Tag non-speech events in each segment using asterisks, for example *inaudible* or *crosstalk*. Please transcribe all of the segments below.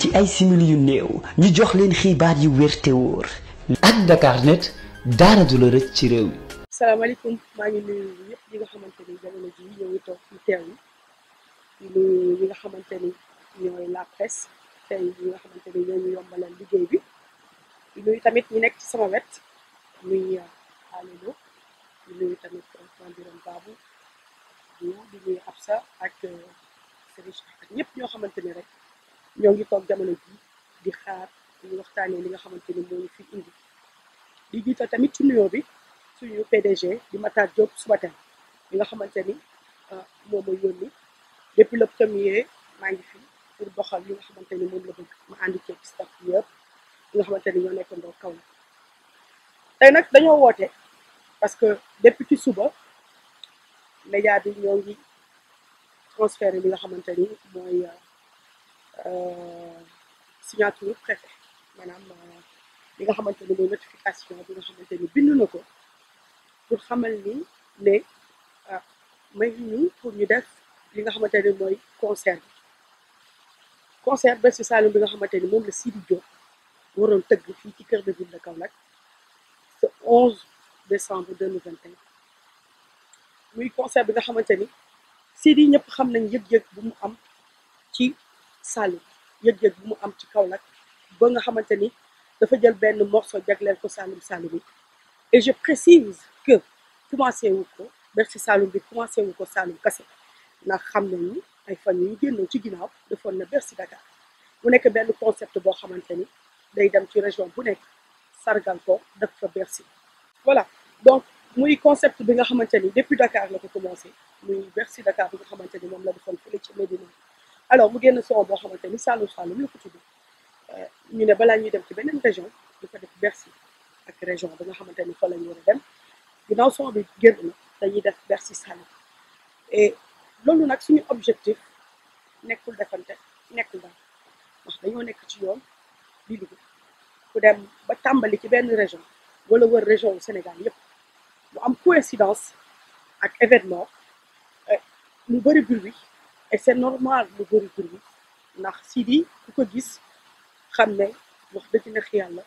ci ay simili yu néew ñu jox leen xibaar yu wér te wóor ak Dakarnet daara du la rëcc ci réew mi. salaamaaleykum maa ngi nuyu ñëpp ñi xamante ni jamono jii ñoo ngi toog ñu teew yi nga xamante ni ñooy la presse tey ñi nga xamante ni ñoo ñu yombalal liggéey bi di tamit ñu nekk ci sama wet muy Aliou di nuyu tamit Ndiram Babou di nuyu Absa ak Serigne ñëpp ñoo xamante ni rek. ñoo ngi toog jamono ji di xaar ñu waxtaanee li nga xamante ni fi indi di jiital tamit ci nuyoo bi suñu PDG di Matar Diop Soubatel ah, li nga xamante ni moom mooy yónni depuis maa ngi fi pour doxal nga xamante moom la bëgg ma àndi ceeg staff yëpp li nga xamante ni ñoo nekk kaw la dañoo woote parce que depuis ci suba média bi ñoo transféré li nga xamante ni ah, Euh, signature préfet maanaam euh, li nga xamante ni mooy notification bi nga xamante ni bind na ko pour xamal ni ne ah, may ñu pour ñu def li nga xamante ni mooy concert concert si Saloum bi nga xamante ni moom la Sidi Diop waroon tëgg fii ci Cœur de Ville de Kaolack ce 11 décembre 2021 muy concert bi nga xamante ni Sidi ñëpp xam nañ yëg-yëg bu mu am ci Saliou yëg-yëg bu mu am ci Kaolack ba nga xamante ni dafa jël benn morceau jagleel ko Saloum Saloum yi et je précise que commencé wu ko Bercy Saloum bi commencé wu ko Saloum kase ndax xam na nañu ay fan yu génnoon ci ginnaaw defoon na Bercy Dakar mu nekk benn concept boo xamante ni day dem ci région bu nekk sargal ko def fa Bercy voilà donc muy concept bi nga xamante ni depuis Dakar la ko commencé muy Bercy Dakar bi nga xamante ni moom la defoon fële ci Médina alors mu génn soow boo xamante ni Saloum Saloum la ko tudd euh, ñu ne balaa ñuy dem ci beneen région ñu ko def berci ak région ba nga xamante ni fa la ñu war a dem ginnaaw son bi génn na dañuy def Bercy Saloum et loolu nag suñu objectif nekkul defante nekkul daal wax dañoo nekk ci yoon di dugg ba tàmbali ci benn région wala wër région wu Sénégal yépp mu am coïncidence ak événement euh, mu bëri bruit et c'est normal mu bëri tur bi ndax Sidi ku ko gis xam ne wax dëgg neex yàlla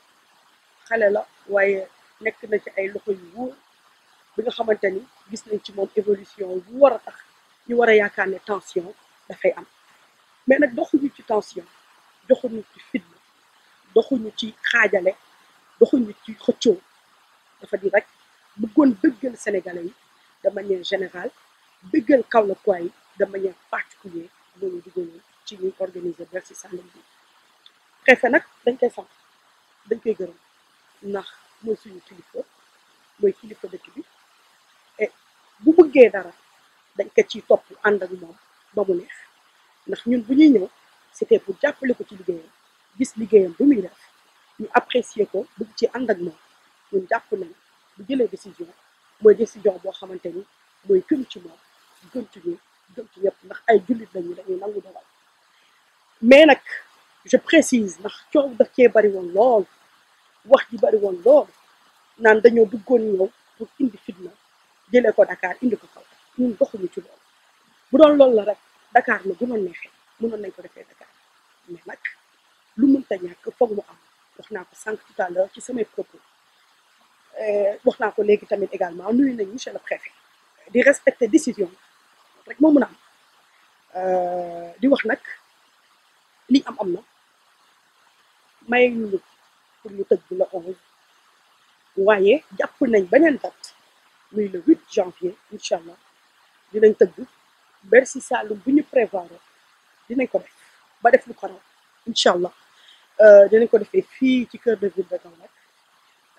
xale la waaye nekk na ci ay loxo yu wóor bi nga xamante ni gis nañ ci moom évolution bu war a tax ñu war a yaakaar ne tension dafay am mais nag doxuñu ci tension doxuñu ci fitna doxuñu ci xaajale doxuñu ci xëccoo dafa di rek buggoon dëggal sénégalais yi de manière générale dëggal kaw la yi de manière particulier loolu duggaloon ci ñuy organiser Bercy Saloum bi préfet nag dañ koy sant dañ koy gërëm ndax mooy suñu kilifa mooy kilifa dëkk bi bu bëggee dara dañ ko ciy topp ànd ak moom ba mu neex ñun bu ñuy ñëw c'était pour jàppale ko ci liggéeyam gis liggéeyam bu muy def ñu apprécier ko bëgg ci ànd ak moom ñun jàpp nañ bu jëlee décision mooy décision boo xamante ni mooy gën ci moom gën ci gëm ci ñëpp ndax ay jullit lañu dañuy nangu dogal mais nag je précise nax coow daf cee bari woon lool wax ji bari woon lool naan dañoo duggoon ñëw pour indi fitna jële ko Dakar indi ko kaw ñun doxuñu ci mu noon loolu la rek Dakar la gënoon neexee mënoon nañ ko defee Dakar mais nag lu mënta ñàkk foog mu am wax naa ko sànq tout à l'heure ci samay propos euh, wax naa ko léegi tamit également nuyu nañ monsieur le préfet di respecter décision rek moo mën a am euh, di wax nag li am am na may ñu pour ñu tëgg la onze waaye jàpp nañ beneen date muy le huit janvier incha allah dinañ tëgg Bercy Saloum bu ñu prévoir dinañ ko def ba def lu ko raw incha allah euh, dinañ ko defee fii ci cœur de ville de Kaolack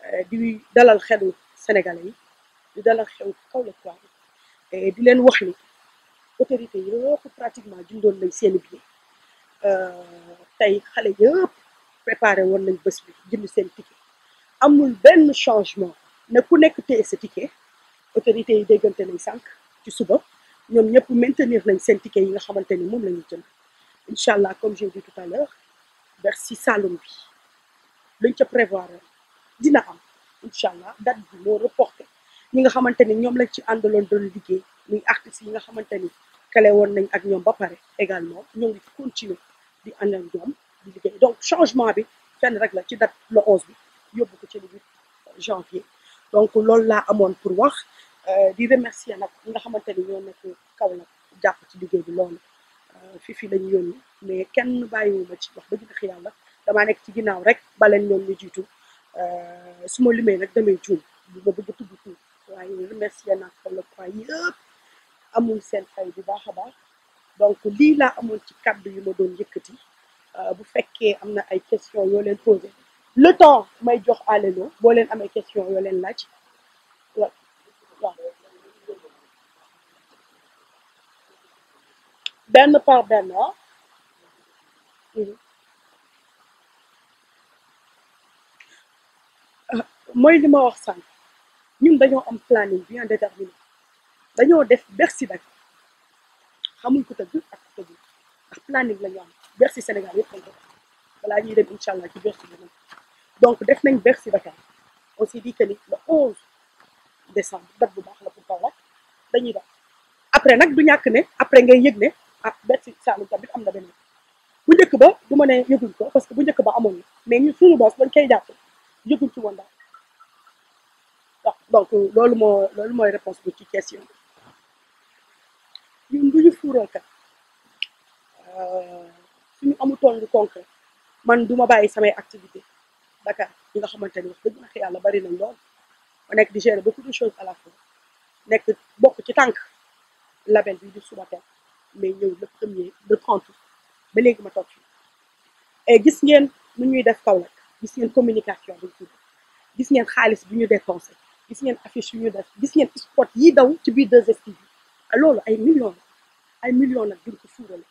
euh, di dalal xelu sénégalais yi di dalal xelu Kaolack waaye di leen wax ni autorité yëpp pratiquement jundoon nañ seen billet euh, tey xale yëpp préparé woon nañ bës bi jënd seen ticket amul benn changement ne ku nekk téye sa ticket autorité yi déggante nañ sànq ci suba ñoom ñëpp maintenir nañ seen ticket yi nga xamante ni moom la ñu jënd incha allah comme j'ai dit tout à l'heure Bercy Saloum bi luñ ca prévoir dina am incha allah date bi moo reporté ñi nga xamante ni ñoom lañ ci àndaloon doon liggéey muy artistes yi nga xamante ni kale woon nañ ak ñoom ba pare également ñoo ngi continuer di ànd ak ñoom di liggéey donc changement bi fen rek la ci date le onze bi yóbbu ko ci le huit janvier donc loolu laa amoon pour wax euh, di remercier nag nga xamante ni ñoo nekk kaw la jàpp ci liggéey bi loolu euh, fii fii lañu yónni mais kenn bàyyiwu ma ci wax dëgg ndax la damaa nekk ci ginnaaw rek baleen ñoom ñu jiitu euh, su ma limee nag damay juum bu ma bëgg tudd tuur waaye remercier naa kaw la quoi yëpp amul seen fay bi baax donc lii laa amoon ci kàddu yu ma doon yëkkati euh, bu fekkee am na ay question yoo leen posé le temps may jox alelo boo leen amee question yoo leen laaj waaw waaw benn par benn ah. mhm. euh, mooy li ma wax sànq ñun dañoo am planning bien déterminé dañoo def Bercy nag xamuñ ko tëgg ak ko tëggul ndax planning la ñu am Bercy Sénégal yëpp lañ ko balaa ñuy dem incha allah ci Bercy bi donc def nañ Bercy Dakar on s'est dit que ni le 11 décembre date bu baax la pour Kaolack dañuy def après nag du ñàkk ne après ngay yëg ne ah Bercy Saloum tamit am na beneen bu njëkk ba du ma ne yëguñ ko parce que bu njëkk ba amoon mais ñun suñu bopp dañ koy jàpp yëguñ ci woon donc loolu moo loolu mooy réponse bi ci question bi. ñun du ñu fuuralkat euh, suñu amutoon lu concret man du ma bàyyi samay activité Dakar ñi nga xamante ni wax dëgg na yàlla bari nañ lool ma nekk di gérer beaucoup de choses à la fois nekk bokk ci tànk label bi di Subatel mais ñëw le premier le trente ba léegi ma toog fii et gis ngeen nu ñuy def Kaolack gis ngeen communication buñ ci gis ngeen xaalis bu ñu dépensé gis ngeen affiche yu ñu def gis ngeen spot yi daw ci biir 2STV Ah, loolu ay million ay millions nag duñ ko fuural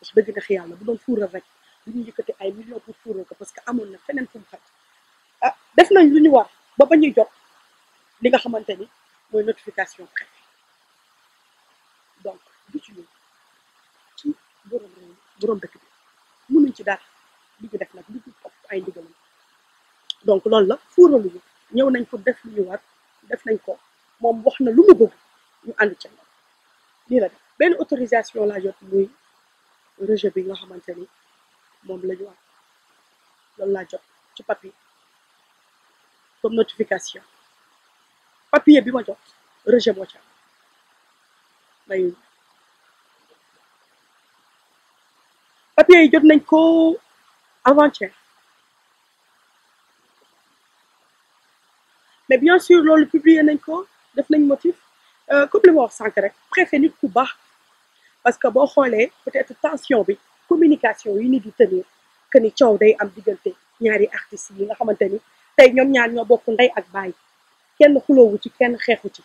parce que dëgg ndax yàlla bu doon fuural rek duñu yëkkati ay millions pour fuural ko parce que amoon na feneen fu mu xaj ah def nañ lu ñu war ba ba ñuy jot nga xamante ni mooy notification préfet donc du ci ñun ci borom réew ci def nag li ay ndigalam donc loolu la fuuraluñu ñëw nañ ko def lu ñu war def nañ ko moom wax na lu mu ñu ànd ca lii la benn autorisation la jot muy rejet bi nga xamante ni moom la ñu am loolu laa jot ci papier comme notification papier bi ma jot rejet moo ci am yi jot nañ ko avant-hier mais bien sûr loolu publier nañ ko def nañ motif Euh, comme li ma wax sànq rek préfet nit ku baax parce que boo xoolee peut-être tension bi communication yi nit di tenir que ni coow day am diggante ñaari artistes yi nga xamante ni tey ñoom ñaar ñoo bokk ndey ak baay kenn xuloowu ci kenn xeexu ci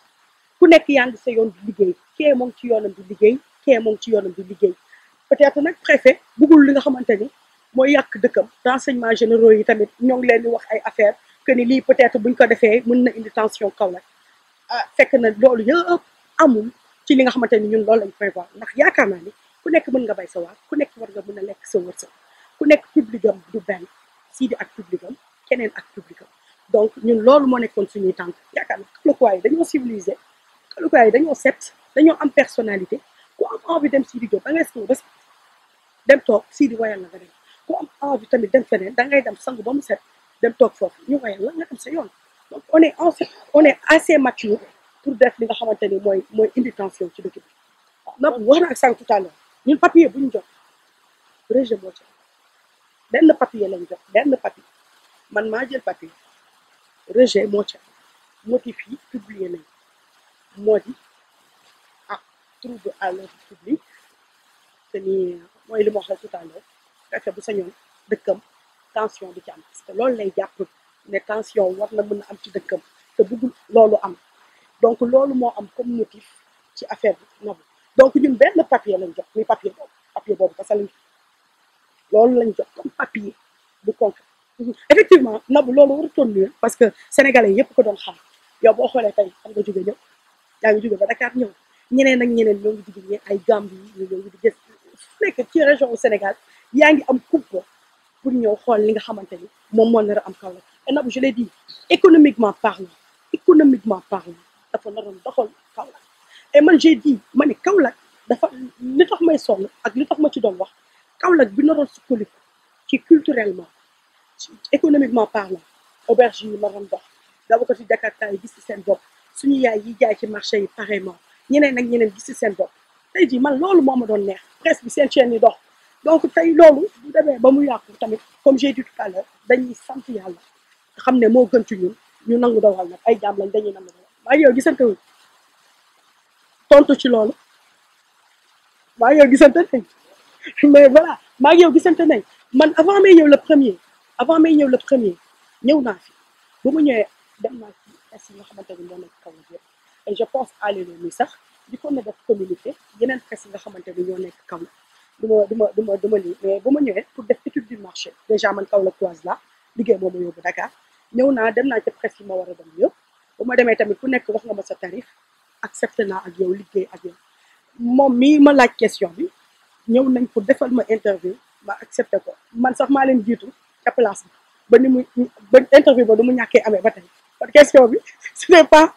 ku nekk yaa ngi sa yoon di liggéey kee moom ci yoonam di liggéey kee moom ci yoonam di liggéey peut-être nag préfet bugul li nga xamante ni mooy yàq dëkkam renseignements généraux yi tamit ñoo leen di wax ay affaire que ni lii peut-être buñ ko defee mën na indi tension kaw la Ah, fekk na loolu yëpp amul ci li nga xamante ni ñun loolu lañ prévoir ndax yaakaar naa ni ku nekk mën nga bay sa waar ku nekk war nga mën a lekk sa sa ku nekk publicam du benn Sidy ak publicam keneen ak publicam donc ñun loolu moo nekkoon suñuy tànk yaakaar naa xalukuwaay yi dañoo civilisé xalukuwaay yi dañoo set dañoo am personnalité ku am envie dem Sidy Diop da ngay sangu ba dem toog Sidy wayal la nga dem ku am envie tamit dem da ngay dem sangu ba mu set dem toog foofu ñu wayal la nga dem sa yoon donc on on est assez mature pour def li nga xamante ni mooy mooy indi tension ci dëkk bi na wax na ak sànq tout ñun papier bu ñu jox rejet moo ci benn papier lañ jox benn papier man maa jël papier rejet moo ci motif yi publié nañ moo di ah trouble à l'ordre public te mooy li ma waxee tout à l'heure fexe bu sañoon dëkkam tension du ci am parce que loolu lay jàpp ne tension war na mën a am ci dëkkam te bëggul loolu am donc loolu moo am comme motif ci affaire bi Nabou donc ñun benn papier lañ jox muy papier boobu papier boobu parce que lañ loolu lañ jox comme papier bu concret effectivement Nabou loolu waratoon nuyu parce que sénégalais yëpp ko doon xam yow boo xoolee tey xam nga jóge ñëw yaa ngi jóge ba ñëw ñeneen ak ñeneen ñoo ngi di jóge ay Gambie yi ñoo ngi di gis fu nekk ci région Sénégal yaa ngi am coupe pour ñëw xool li nga xamante ni moom moo nar a am kaw te Nabou di l'ai dit économiquement parlant économiquement parlant dafa naroon doxal Kaolack et man j'ai dit ma ne Kaolack dafa li tax may sonn ak li tax ma ci doon wax Kaolack bi naroon sukkandiku ci culturellement économiquement parlant auberge yi naroon dox dawaka ci Jakarta yi gis ci seen bopp suñu yaay yi jaay ci marché yi pareillement ñeneen ak ñeneen gis si seen bopp tey jii man loolu moo ma doon neex presse bi seen chaîne yi dox donc tey loolu bu demee ba mu yàqu tamit comme j'ai dit tout dañuy sant yàlla xam ne moo gën ci ñun ñu nangu dogal nag ay jaam lañ dañuy nangu dogal waaye yow gisante wuñ ci loolu maa yow gisante nañ mais voilà maa yow gisante nañ man avant may ñëw le premier avant may ñëw le premier ñëw naa fi ba mu ñëwee dem naa fi est nga xamante ne ñoo nekk kaw yëpp je pense à mi sax di ko ne def communauté yeneen presse yi nga xamante ne ñoo nekk kaw la du ma du ma du ma du ma lii mais ba ma ñëwee pour def étude du marché déjà man kaw la croise la liggéey moo ma yóbbu Dakar ñëw naa dem naa ca presse yi ma war a ma demee tamit ku nekk wax nga ma sa tarif accepté naa ak yow liggéey ak yow moom mii ma laaj question bi ñëw nañ pour defal ma interview ma accepté ko man sax maa leen jiitu ca place ba mu ba interview ba du mu ñàkkee amee ba tey kon question bi *laughs* ce n'est pas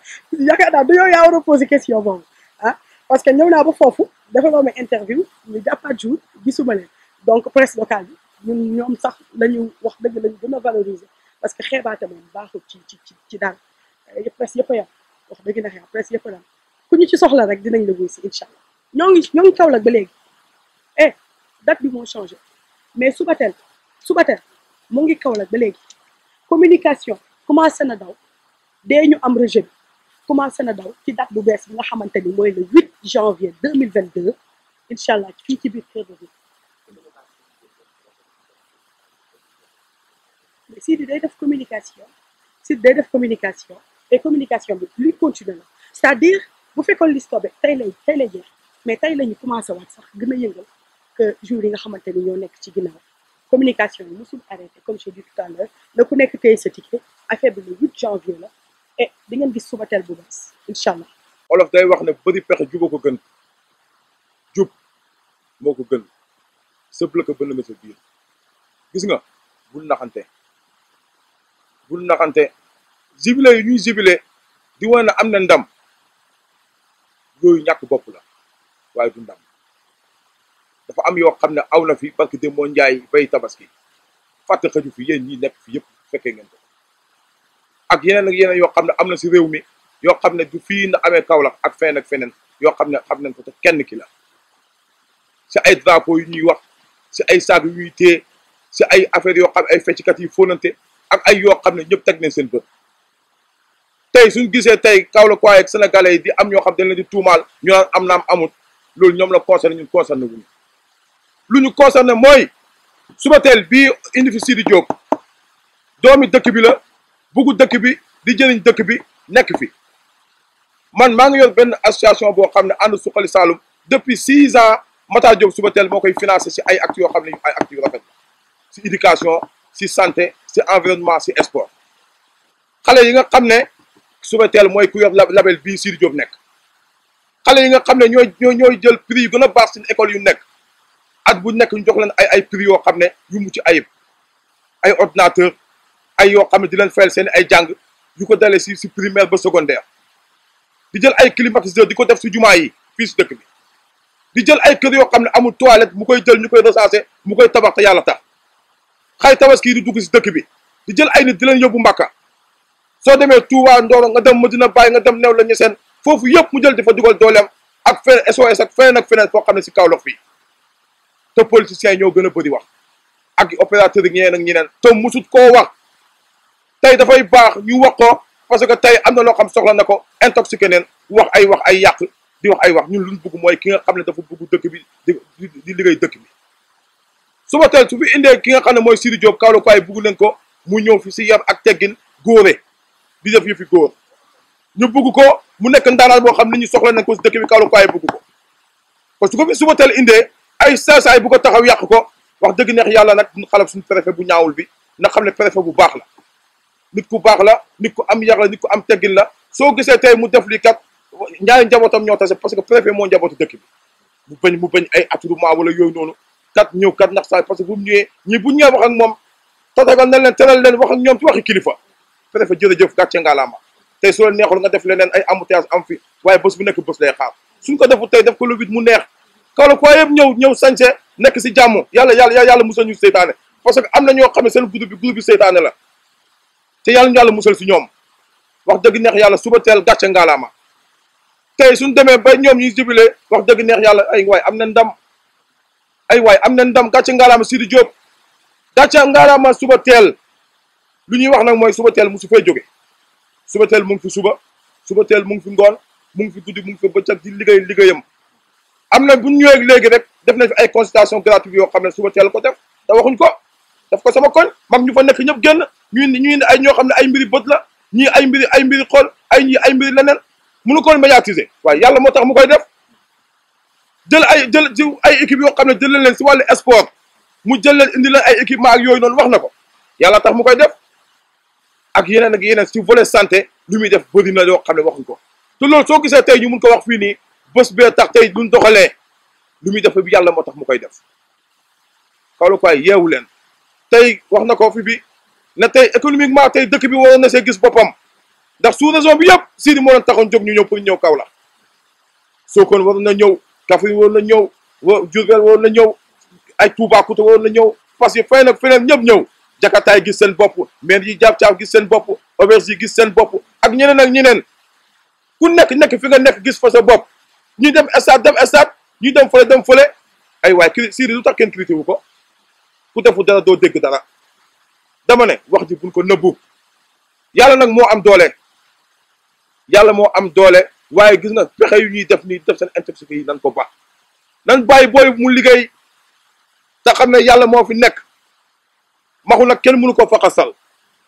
yaakaar naa du yow yaa war a question boobu ah parce que ñëw naa ba foofu defaloo ma interview ñu jàppaat jour gisuma leen donc presse locale bi ñun ñoom sax lañu wax dëgg lañu gën a valoriser parce que xeebaate moom baaxul ci ci ci ci dara eh, presse yëpp a yam wax dëgg na xeex presse yëpp a ku ñu ci soxla rek dinañ la wuy si incha ñoo ngi ñoo ngi Kaolack ba léegi eh bi moo changé mais Subatel Subatel mu ngi Kaolack ba léegi communication commencé na daw dee ñu am rejet bi commencé na daw ci date bu bees bi nga xamante ni mooy le 8 janvier vingt incha allah fii ci biir Kédougou Sidi day def communication Sidi day def communication communication bi luy continuer la c'est-à-dire bu fekkoon liste bi tey lay tey lay jeex mais tey la ñu commencé waat sax gën a yëngal que jour yi nga xamante ni ñoo nekk ci ginnaaw communication yi mosul arrêté comme j'ai dit tout à l'heure na ku nekk tey sa ticket affaire bi le 8 janvier la et di ngeen gis suba teel bu bees incha allah. olof day wax ne bëri pexe juba ko gën jub moo ko gën sëb la ko bënn nga sa biir gis nga bul naxante. bu naxante jibile yu ñuy jibile di wane am na ndam yooyu ñàkk bopp la waaye du ndam dafa am yoo xam ne aw na fi barke de moo njaay bay tabaski fàtte xaju fi yéen ñi nekk fi yëpp fekkee ngeen ko ak yeneen ak yeneen yoo xam ne am na si réew mi yoo xam ne du fii na amee Kaolack ak feneen ak feneen yoo xam ne am nañ ko te kenn ki la si ay drapeau yu ñuy wax si ay saag yuy ñuy si ay affaire yoo xam ay fecckat yi fóonante ak ay yoo xam ne ñëpp teg nañ seen bët tey suñ gisee tey Kaolack waaye ak sénégalais yi di am ñoo xam dañ leen di tuumaal ñu naan am naam amut loolu ñoom la concerné ñu concerné wuñu lu ñu concerné mooy teel bi indi fi Sidi Diop doomi dëkk bi la buggu dëkk bi di jëriñ dëkk bi nekk fi man maa ngi yor benn association boo xam ne ànd suqali Saloum depuis six ans Matar Diop Subatel moo koy financé si ay actes yoo xam ne ay actes yu rafet si éducation si santé si environnement si sport xale yi nga xam ne suba teel mooy ku yor label bii Sidy Diop nekk xale yi nga xam ne ñooy ñooy jël prix yu gën a baax seen école yu nekk at bu nekk jox leen ay ay prix yoo xam ne yu mucc ayib ay ordinateur ay yoo xam di leen fayal seen ay jàng yu ko dalee si si primaire ba secondaire di jël ay climatiseur di ko def si jumaa yi fii si di jël ay kër yoo xam ne amul toilette mu koy jël ñu koy recensé mu koy tabax te yàlla ta xay tabaski di dugg si dëkk bi di jël ay nit di leen yóbbu Mbàkka soo demee Touba ndooro nga dem Medina Baye nga dem new la ñu seen foofu yëpp mu jël di fa dugal dooleem ak feneen SOS ak feneen ak feneen foo xam ne si Kaolack fii te politiciens ñoo gën a bëri wax ak opérateur yi ñeneen ak ñeneen te musut koo wax tey dafay baax ñu wax ko parce que tey am na loo xam soxla na ko intoxiqué neen wax ay wax ay yàq di wax ay wax ñun lu ñu bëgg mooy ki nga xam ne dafa bëgg dëkk bi di di liggéey dëkk bi Subatel su fi indee ki nga xam ne mooy Sidi Diop Kaolack faay bugg leen ko mu ñëw fi si yar ak teggin góore di def fi góor ñu bugg ko mu nekk ndaanaan boo xam ne ñu soxla nañ ko si dëkk bi Kaolack faay bugg ko parce que ko fi Subatel indee ay saasaay bu ko taxaw yàq ko wax dëgg neex yàlla nag duñ xalab suñu bu ñaawul bi na xam ne préfet bu baax la nit ku baax la nit ku am yar la nit ku am teggin la soo gisee tey mu def lii kat ñaari njabootam ñoo tase parce que préfet moo njabootu dëkk bi mu bañ mu bañ ay attroupement wala yooyu noonu kat ñëw kat ndax saay parce que bu mu ñëwee ñi buñ ñëwee wax ak moom tatagal na leen teral leen wax ak ñoom ci waxi kilifa préfet jërëjëf gàcce ngalaama tey su la neexul nga def leneen ay embouteillage am fi waaye bés bu nekk bés lay xaar suñ tey def mu neex kawla quoi ñëw ñëw nekk si jàmm yàlla yàlla yàlla musal ñu seytaane parce que am na ñoo xam ne seen groupe bi groupe bi la te yàlla si ñoom wax dëgg neex yàlla suba teel gàcce ngalaama tey suñ demee ba ñoom ñuy jubile wax dëgg neex yàlla ay waay am na ndam ay am na ndam gàcce ngaalaama Sidi Diop gàcce ngaalaama suba teel lu ñuy wax na mooy suba teel mu su fay jóge suba teel mu ngi fi suba suba teel mu ngi fi ngoon mu ngi fi guddi mu ngi fi bëccëg di liggéey liggéeyam am na bu ñu ñëwee léegi rek def nañ fi ay consultation gratuite yoo xam ne suba teel ko def te waxuñ ko def ko sama koñ mag ñu fa nekk ñëpp génn ñuy ñuy ay ñoo xam ne ay mbiri bët la ñii ay mbiri ay mbiri xool ay ñii ay mbiri leneen mënu koon médiatiser waaye yàlla moo tax mu koy def jël ay jël ay équipe yoo xam ne jël leen leen si wàllu sport mu jël leen indi leen ay équipement ak yooyu noonu wax na ko yàlla tax mu koy def ak yeneen ak yeneen si volet santé lu muy def bëri na yoo xam ne waxuñ ko te loolu soo gisee tey ñu mun ko wax fii nii bés bee tax tey duñ doxalee lu muy def yàlla moo tax mu koy def Kaolack yeewu leen tey wax na ko fi bi ne tey économiquement tey dëkk bi waroon na see gis boppam ndax sous-région bi yëpp Sidi moo leen taxoon jóg ñu ñëw pour ñëw Kaolack soo kon waroon na ñëw. Kaffrine woon na ñëw Diourbel woon na ñëw ay Toubacouta woon na ñëw parce que fay nag feneen ñëpp ñëw jakataay gis seen bopp maire yi jaab caab gis seen bopp auberge yi gis seen bopp ak ñeneen ak ñeneen ku nekk nekk fi nga nekk gis fa sa bopp ñu dem stade dem stade ñu dem fële dem fële ay waay cri Siri lu tax kenn wu ko ku defu dara doo dégg dara dama ne wax ji buñ ko nëbbu yàlla nag moo am doole yàlla moo am doole waaye gis nga pexe yu ñuy def nii def seen intoxiqué yi nan ko ba nan bàyyi booy mu liggéey te xam ne yàlla moo fi nekk maxu nag kenn mënu ko faxasal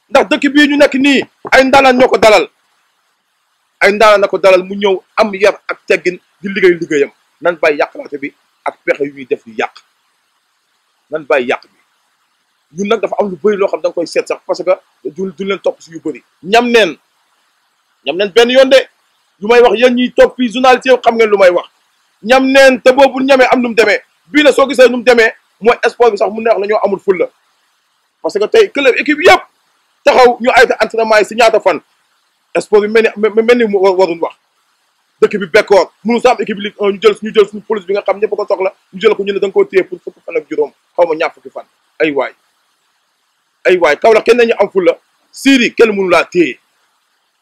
ndax dëkk bi ñu nekk nii ay ndaanaan ñoo ko dalal ay ndaanaan na ko dalal mu ñëw am yar ak teggin di liggéey liggéeyam nan bàyyi yàqalaate bi ak pexe yu def di yàq nan bàyyi yàq bi ñun nag dafa am lu bëri loo xam da nga koy seet sax parce que ju du leen topp si yu bëri ñam neen ñam neen benn yoon yu may wax yéen ñuy toog fii xam ngeen lu may wax ñam neen te boobu ñamee am nu mu demee bii na soo gisee nu mu demee mooy sport bi sax mu neex la ñoo amul fulla parce que tey club équipe yëpp taxaw ñu ayta entraînement yi si ñaata fan sport bi mel ni mel ni warul wax dëkk bi bekkoor mënu sa am équipe ligue ñu jël ñu jël suñu police bi nga xam ñëpp ko soxla ñu jël ko ñu ne da nga koo téye pour fukki fan ak juróom xaw ma ñaar fukki fan ay waay ay waay kaw la kenn ñu am fulla siiri kenn mënu laa téye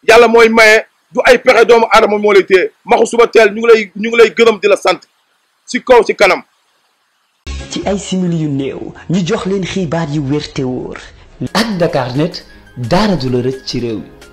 yàlla mooy maye du ay pexe doomu aadama moo lay téye maxu suba teel ñu ngi lay ñu ngi lay gërëm di la sant si kaw ci kanam. ci ay simili yu néew ñu jox leen xibaar yu wér te wóor. ak Dakarnet dara du la rëcc ci réew mi.